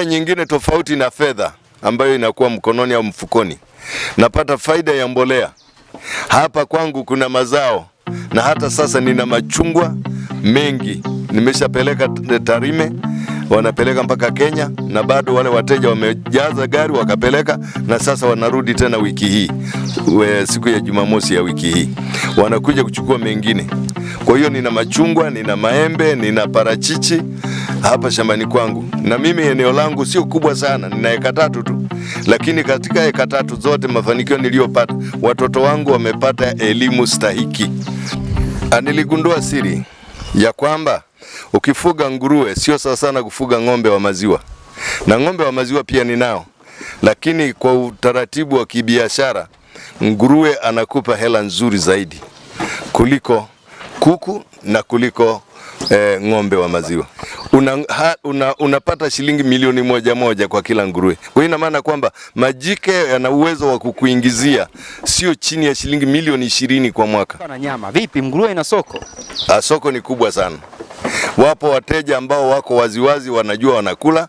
faida nyingine tofauti na fedha ambayo inakuwa mkononi au mfukoni. Napata faida ya mbolea. Hapa kwangu kuna mazao na hata sasa nina machungwa mengi, nimeshapeleka Tarime, wanapeleka mpaka Kenya, na bado wale wateja wamejaza gari wakapeleka, na sasa wanarudi tena wiki hii, siku ya Jumamosi ya wiki hii wanakuja kuchukua mengine. Kwa hiyo nina machungwa, nina maembe, nina parachichi hapa shambani kwangu, na mimi eneo langu sio kubwa sana, nina eka tatu tu, lakini katika eka tatu zote mafanikio niliyopata, watoto wangu wamepata elimu stahiki. Ah, niligundua siri ya kwamba ukifuga nguruwe sio sawa sana kufuga ng'ombe wa maziwa, na ng'ombe wa maziwa pia ninao, lakini kwa utaratibu wa kibiashara nguruwe anakupa hela nzuri zaidi kuliko kuku na kuliko eh, ng'ombe wa maziwa una, ha, una, unapata shilingi milioni moja moja kwa kila nguruwe. Kwa hiyo ina maana kwamba majike yana uwezo wa kukuingizia sio chini ya shilingi milioni ishirini kwa mwaka. Na nyama vipi, nguruwe ina soko? Ah, soko ni kubwa sana. Wapo wateja ambao wako waziwazi, wanajua wanakula.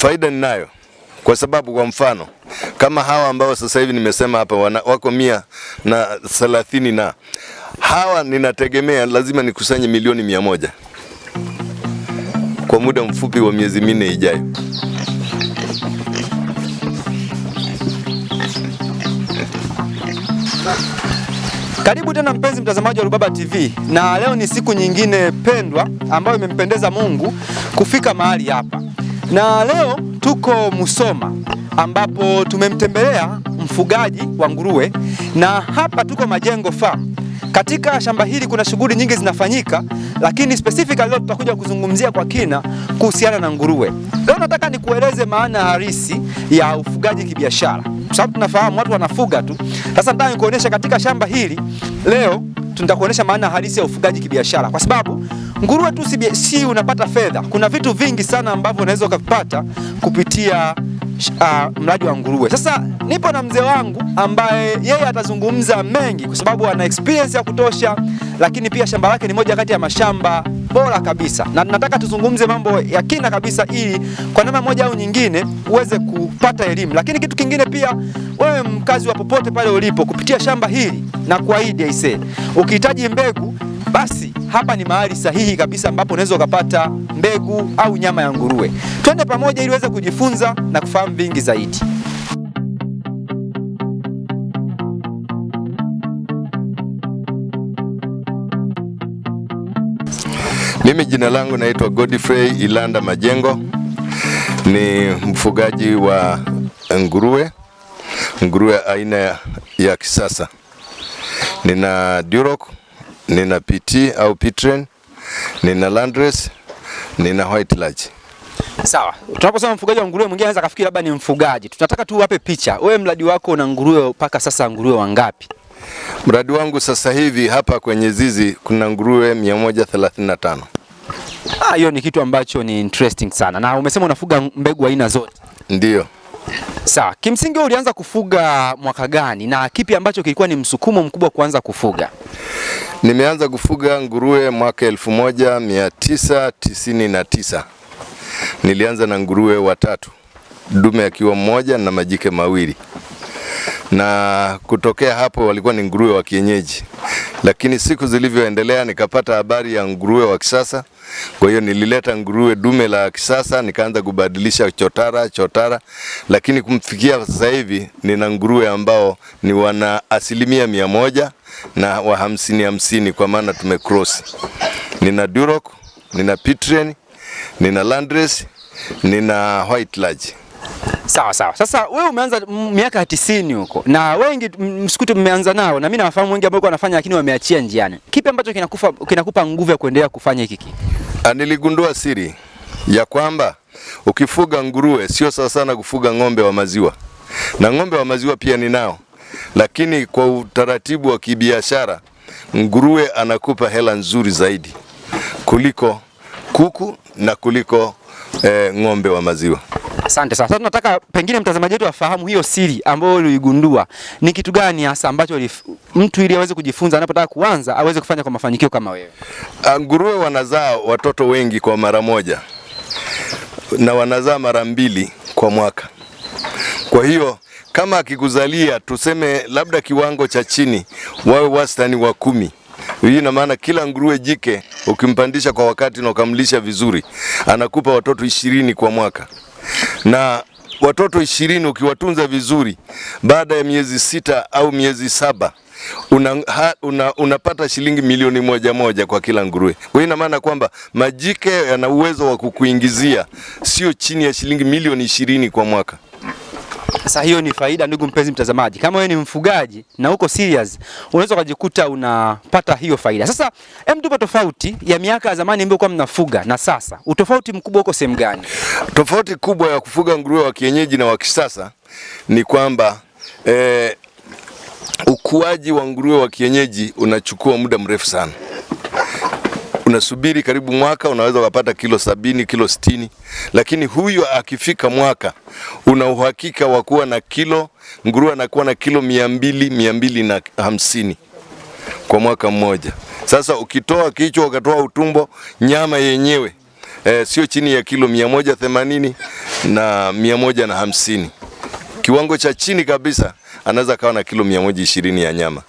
Faida ninayo kwa sababu kwa mfano kama hawa ambao sasa hivi nimesema hapa wana, wako mia na thelathini na hawa ninategemea lazima nikusanye milioni mia moja kwa muda mfupi wa miezi minne ijayo. Karibu tena mpenzi mtazamaji wa Rubaba TV, na leo ni siku nyingine pendwa ambayo imempendeza Mungu kufika mahali hapa, na leo tuko Musoma ambapo tumemtembelea mfugaji wa nguruwe, na hapa tuko Majengo Farm katika shamba hili kuna shughuli nyingi zinafanyika, lakini specifically leo tutakuja kuzungumzia kwa kina kuhusiana na nguruwe. Leo nataka nikueleze maana halisi ya ufugaji kibiashara, kwa sababu tunafahamu watu wanafuga tu. Sasa nataka nikuonesha katika shamba hili leo tutakuonyesha maana halisi ya ufugaji kibiashara, kwa sababu nguruwe tu si unapata fedha, kuna vitu vingi sana ambavyo unaweza ukavipata kupitia uh, mradi wa nguruwe. Sasa nipo na mzee wangu ambaye yeye atazungumza mengi kwa sababu ana experience ya kutosha, lakini pia shamba lake ni moja kati ya mashamba bora kabisa, na nataka tuzungumze mambo ya kina kabisa, ili kwa namna moja au nyingine uweze kupata elimu. Lakini kitu kingine pia, wewe mkazi wa popote pale ulipo, kupitia shamba hili na kuahidi aisee, ukihitaji mbegu basi hapa ni mahali sahihi kabisa ambapo unaweza ukapata mbegu au nyama ya nguruwe. Twende pamoja ili uweze kujifunza na kufahamu vingi zaidi. Mimi jina langu naitwa Godfrey Ilanda Majengo, ni mfugaji wa nguruwe, nguruwe aina ya kisasa. Nina Duroc nina PT au Pitren, nina Landres, nina White Large. Sawa, tunaposema mfugaji wa nguruwe mwingine anaweza kafikiri labda ni mfugaji. Tunataka tu wape picha. Wewe mradi wako una nguruwe mpaka sasa nguruwe wangapi? Mradi wangu sasa hivi hapa kwenye zizi kuna nguruwe 135. Ah, hiyo ni kitu ambacho ni interesting sana. Na umesema unafuga mbegu aina zote. Ndio. Sawa, kimsingi ulianza kufuga mwaka gani na kipi ambacho kilikuwa ni msukumo mkubwa kuanza kufuga? Nimeanza kufuga nguruwe mwaka 1999. Nilianza na nguruwe watatu, dume akiwa mmoja na majike mawili, na kutokea hapo walikuwa ni nguruwe wa kienyeji, lakini siku zilivyoendelea nikapata habari ya nguruwe wa kisasa kwa hiyo nilileta nguruwe dume la kisasa, nikaanza kubadilisha chotara chotara, lakini kumfikia sasa hivi nina nguruwe ambao ni wana asilimia mia moja na wa hamsini hamsini, kwa maana tumecross. Nina Duroc, nina Pitrain, nina Landrace, nina White Lodge. Sawa sawa. Sasa wewe umeanza miaka ya tisini huko na wengi msikuti mmeanza nao, na mimi nawafahamu wengi ambao wanafanya, lakini wameachia njiani. Kipi ambacho kinakufa, kinakupa nguvu ya kuendelea kufanya hiki kitu? Ah, niligundua siri ya kwamba ukifuga nguruwe sio sawa sana kufuga ng'ombe wa maziwa, na ng'ombe wa maziwa pia ninao, lakini kwa utaratibu wa kibiashara nguruwe anakupa hela nzuri zaidi kuliko kuku na kuliko eh, ng'ombe wa maziwa. Asante sana. Sasa tunataka pengine mtazamaji wetu afahamu hiyo siri ambayo uligundua ni kitu gani hasa ambacho mtu ili aweze kujifunza anapotaka kuanza aweze kufanya kwa mafanikio kama wewe. Ah, nguruwe wanazaa watoto wengi kwa mara moja na wanazaa mara mbili kwa mwaka. Kwa hiyo kama akikuzalia tuseme labda kiwango cha chini, wawe wastani wa kumi. Hii ina maana kila nguruwe jike ukimpandisha kwa wakati na ukamlisha vizuri, anakupa watoto ishirini kwa mwaka na watoto ishirini ukiwatunza vizuri, baada ya miezi sita au miezi saba una, ha, una, unapata shilingi milioni moja moja kwa kila nguruwe. Kwa hiyo ina maana kwamba majike yana uwezo wa kukuingizia sio chini ya shilingi milioni ishirini kwa mwaka. Sasa hiyo ni faida, ndugu mpenzi mtazamaji. Kama wewe ni mfugaji na uko serious, unaweza ukajikuta unapata hiyo faida. Sasa hem, tupa tofauti ya miaka ya zamani ambayo kwa mnafuga na sasa, utofauti mkubwa uko sehemu gani? Tofauti kubwa ya kufuga nguruwe wa kienyeji na wa kisasa ni kwamba eh, ukuaji wa nguruwe wa kienyeji unachukua muda mrefu sana unasubiri karibu mwaka, unaweza ukapata kilo sabini, kilo sitini, lakini huyu akifika mwaka una uhakika wa kuwa na kilo nguruwe, anakuwa na kilo mia mbili, mia mbili na hamsini kwa mwaka mmoja. Sasa ukitoa kichwa ukatoa utumbo, nyama yenyewe e, sio chini ya kilo mia moja themanini na mia moja na hamsini. Kiwango cha chini kabisa anaweza kawa na kilo mia moja ishirini ya nyama.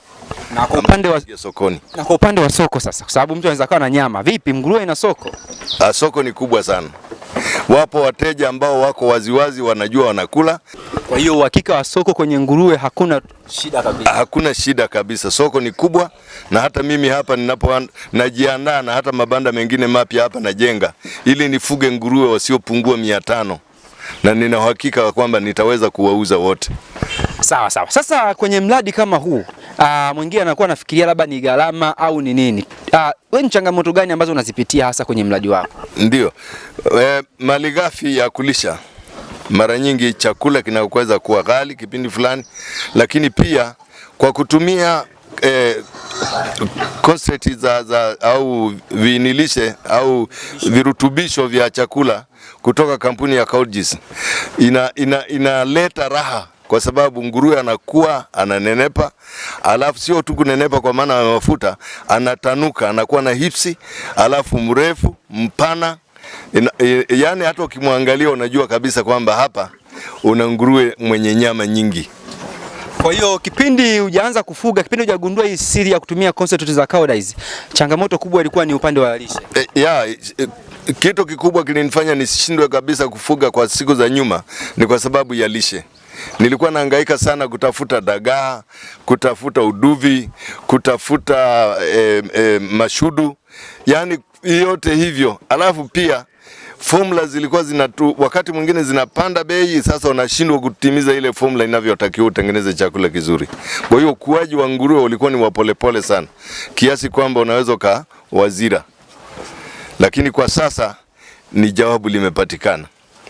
Na kwa upande wa sokoni, na kwa upande wa soko sasa, kwa sababu mtu anaweza kuwa na nyama, vipi nguruwe ina soko? A, ah, soko ni kubwa sana, wapo wateja ambao wako waziwazi, wanajua wanakula. Kwa hiyo uhakika wa soko kwenye nguruwe hakuna shida kabisa. Hakuna shida kabisa, soko ni kubwa, na hata mimi hapa ninapo najiandaa na hata mabanda mengine mapya hapa najenga ili nifuge nguruwe wasiopungua mia tano na nina uhakika kwamba nitaweza kuwauza wote. Sawa sawa. Sasa kwenye mradi kama huu uh, mwingine anakuwa anafikiria labda ni gharama au ni nini. Uh, wewe ni changamoto gani ambazo unazipitia hasa kwenye mradi wako? Ndio, e, gafi ya kulisha mara nyingi chakula kinaweza kuwa ghali kipindi fulani, lakini pia kwa kutumia e, concentrate za, za au vinilishe au virutubisho vya chakula kutoka kampuni ya Koudijs inaleta ina, ina raha kwa sababu nguruwe anakuwa ananenepa, alafu sio tu kunenepa kwa maana ya mafuta, anatanuka, anakuwa na hipsi, alafu mrefu mpana, e, yaani hata ukimwangalia unajua kabisa kwamba hapa una nguruwe mwenye nyama nyingi. Kwa hiyo kipindi hujaanza kufuga, kipindi hujagundua hii siri ya kutumia concentrate za cowdies, changamoto kubwa ilikuwa ni upande wa lishe. E, ya, e, kitu kikubwa kilinifanya nisishindwe kabisa kufuga kwa siku za nyuma ni kwa sababu ya lishe. Nilikuwa nahangaika sana kutafuta dagaa, kutafuta uduvi, kutafuta eh, eh, mashudu, yaani yote hivyo. Alafu pia formula zilikuwa zinatu, wakati mwingine zinapanda bei, sasa unashindwa kutimiza ile formula inavyotakiwa utengeneze chakula kizuri. Kwa hiyo ukuaji wa nguruwe ulikuwa ni wapolepole sana, kiasi kwamba unaweza ukawazira, lakini kwa sasa ni jawabu limepatikana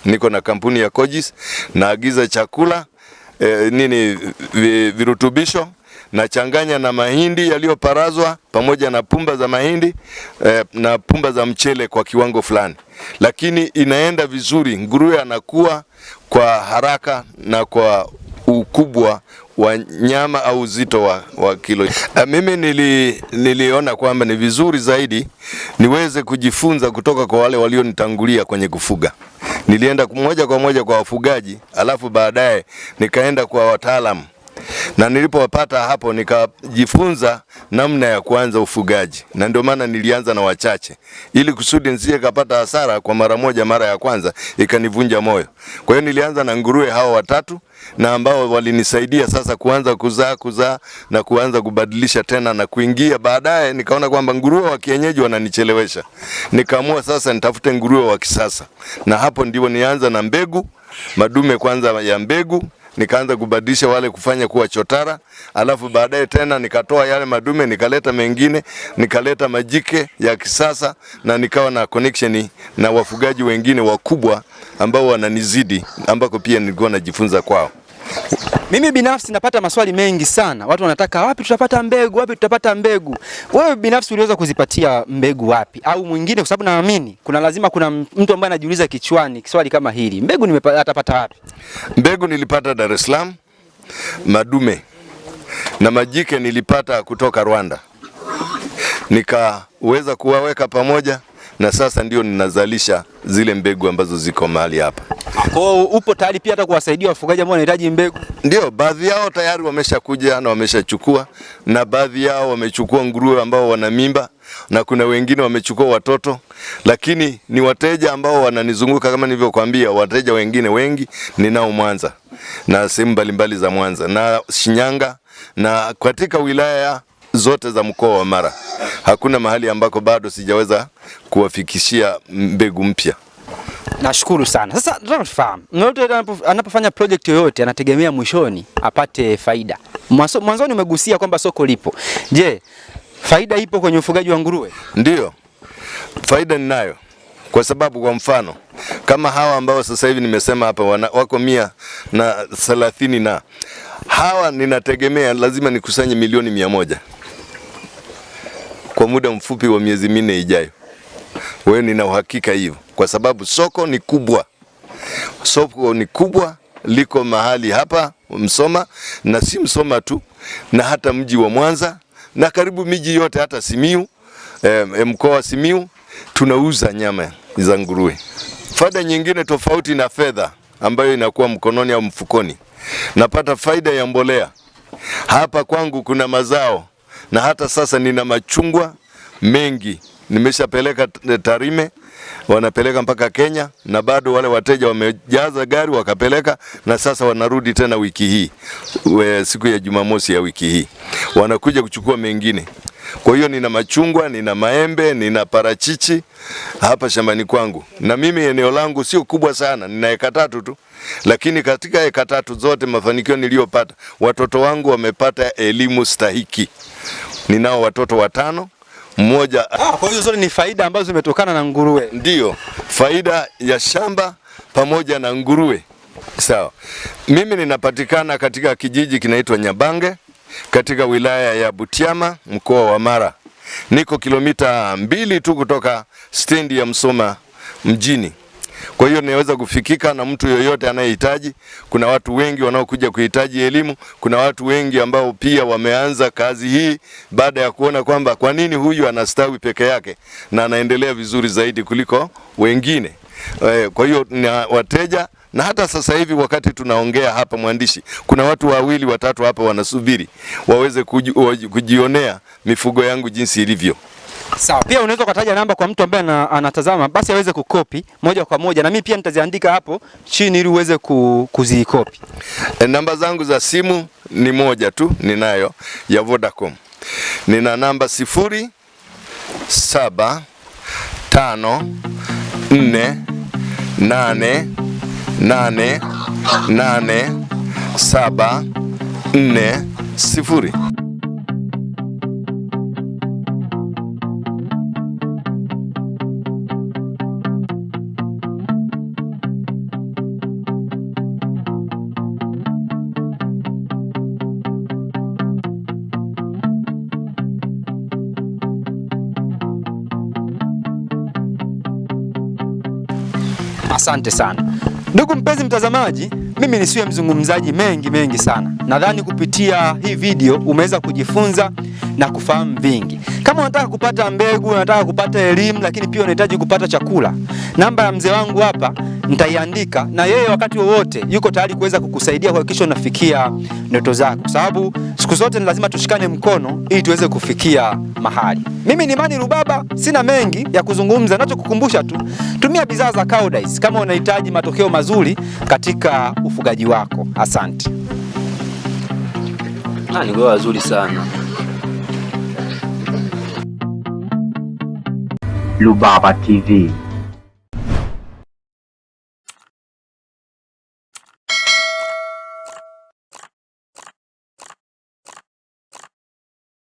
niko na kampuni ya Kojis, naagiza chakula e, nini virutubisho nachanganya na mahindi yaliyoparazwa pamoja na pumba za mahindi e, na pumba za mchele kwa kiwango fulani, lakini inaenda vizuri. Nguruwe anakuwa kwa haraka na kwa ukubwa wa nyama au uzito wa, wa kilo. Eh, mimi nili, niliona kwamba ni vizuri zaidi niweze kujifunza kutoka kwa wale walionitangulia kwenye kufuga nilienda moja kwa moja kwa wafugaji, alafu baadaye nikaenda kwa wataalamu na nilipopata hapo nikajifunza namna ya kuanza ufugaji, na ndio maana nilianza na wachache ili kusudi nisije kapata hasara kwa mara moja, mara ya kwanza ikanivunja moyo. Kwa hiyo nilianza na nguruwe hawa watatu na ambao walinisaidia sasa kuanza kuzaa kuzaa na kuanza kubadilisha tena na kuingia. Baadaye nikaona kwamba nguruwe wa kienyeji wananichelewesha, nikaamua sasa nitafute nguruwe wa kisasa, na hapo ndipo nianza na mbegu madume kwanza ya mbegu nikaanza kubadilisha wale kufanya kuwa chotara, alafu baadaye tena nikatoa yale madume nikaleta mengine, nikaleta majike ya kisasa, na nikawa na connection na wafugaji wengine wakubwa ambao wananizidi, ambako pia nilikuwa najifunza kwao. Mimi binafsi napata maswali mengi sana. Watu wanataka wapi tutapata mbegu, wapi tutapata mbegu. Wewe binafsi uliweza kuzipatia mbegu wapi? Au mwingine, kwa sababu naamini kuna lazima kuna mtu ambaye anajiuliza kichwani swali kama hili, mbegu nimepata wapi? Mbegu nilipata Dar es Salaam, madume na majike nilipata kutoka Rwanda, nikaweza kuwaweka pamoja na sasa ndio ninazalisha zile mbegu ambazo ziko mahali hapa. Kwa upo tayari pia hata kuwasaidia wafugaji ambao wanahitaji mbegu? Ndio, baadhi yao tayari wameshakuja na wameshachukua, na baadhi yao wamechukua nguruwe ambao wana mimba na kuna wengine wamechukua watoto, lakini ni wateja ambao wananizunguka kama nilivyokuambia, wateja wengine wengi ninao Mwanza na sehemu mbalimbali za Mwanza na Shinyanga na katika wilaya zote za mkoa wa Mara hakuna mahali ambako bado sijaweza kuwafikishia mbegu mpya. Nashukuru sana. Sasa nataka tufahamu, anapofanya project yoyote anategemea mwishoni apate faida. Mwanzoni umegusia kwamba soko lipo. Je, faida ipo kwenye ufugaji wa nguruwe? Ndiyo, faida ninayo kwa sababu kwa mfano kama hawa ambao sasa hivi nimesema hapa wana, wako mia na thelathini na hawa ninategemea lazima nikusanye milioni mia moja muda mfupi wa miezi minne ijayo. Wewe nina uhakika hivyo, kwa sababu soko ni kubwa, soko ni kubwa liko mahali hapa Msoma na si Msoma tu, na hata mji wa Mwanza na karibu miji yote, hata Simiu eh, mkoa wa Simiu tunauza nyama za nguruwe. Faida nyingine tofauti na fedha ambayo inakuwa mkononi au mfukoni, napata faida ya mbolea. Hapa kwangu kuna mazao na hata sasa nina machungwa mengi nimeshapeleka eh, Tarime, wanapeleka mpaka Kenya, na bado wale wateja wamejaza gari wakapeleka, na sasa wanarudi tena wiki hii we, siku ya Jumamosi ya wiki hii wanakuja kuchukua mengine. Kwa hiyo nina machungwa, nina maembe, nina parachichi hapa shambani kwangu, na mimi eneo langu sio kubwa sana, nina eka tatu tu, lakini katika eka tatu zote mafanikio niliyopata, watoto wangu wamepata elimu stahiki. Ninao watoto watano mmoja. Ah, kwa hiyo zote ni faida ambazo zimetokana na nguruwe. Ndiyo, faida ya shamba pamoja na nguruwe. Sawa, mimi ninapatikana katika kijiji kinaitwa Nyabange katika wilaya ya Butiama mkoa wa Mara. Niko kilomita mbili tu kutoka stendi ya Msoma mjini. Kwa hiyo inaweza kufikika na mtu yoyote anayehitaji. Kuna watu wengi wanaokuja kuhitaji elimu, kuna watu wengi ambao pia wameanza kazi hii baada ya kuona kwamba kwa nini huyu anastawi peke yake na anaendelea vizuri zaidi kuliko wengine. Eh, kwa hiyo na wateja na hata sasa hivi wakati tunaongea hapa, mwandishi, kuna watu wawili watatu hapa wanasubiri waweze kujionea mifugo yangu jinsi ilivyo. Sawa. Pia unaweza ukataja namba kwa mtu ambaye anatazama basi aweze kukopi moja kwa moja na mimi pia nitaziandika hapo chini ili uweze kuzikopi. E, namba zangu za simu ni moja tu ninayo ya Vodacom. Nina namba sifuri saba tano nne nane nane nane saba nne sifuri. Asante sana ndugu mpenzi mtazamaji, mimi nisiwe mzungumzaji mengi mengi sana. Nadhani kupitia hii video umeweza kujifunza na kufahamu vingi. Kama unataka kupata mbegu, unataka kupata elimu, lakini pia unahitaji kupata chakula, namba ya mzee wangu hapa nitaiandika, na yeye wakati wowote yuko tayari kuweza kukusaidia kuhakikisha unafikia ndoto zako, kwa sababu siku zote ni lazima tushikane mkono ili tuweze kufikia mahali. Mimi ni Mani Rubaba, sina mengi ya kuzungumza, nachokukumbusha tu tumia bidhaa za Koudijs kama unahitaji matokeo mazuri katika ufugaji wako. Asante. Ah, ni goa nzuri sana. Rubaba TV.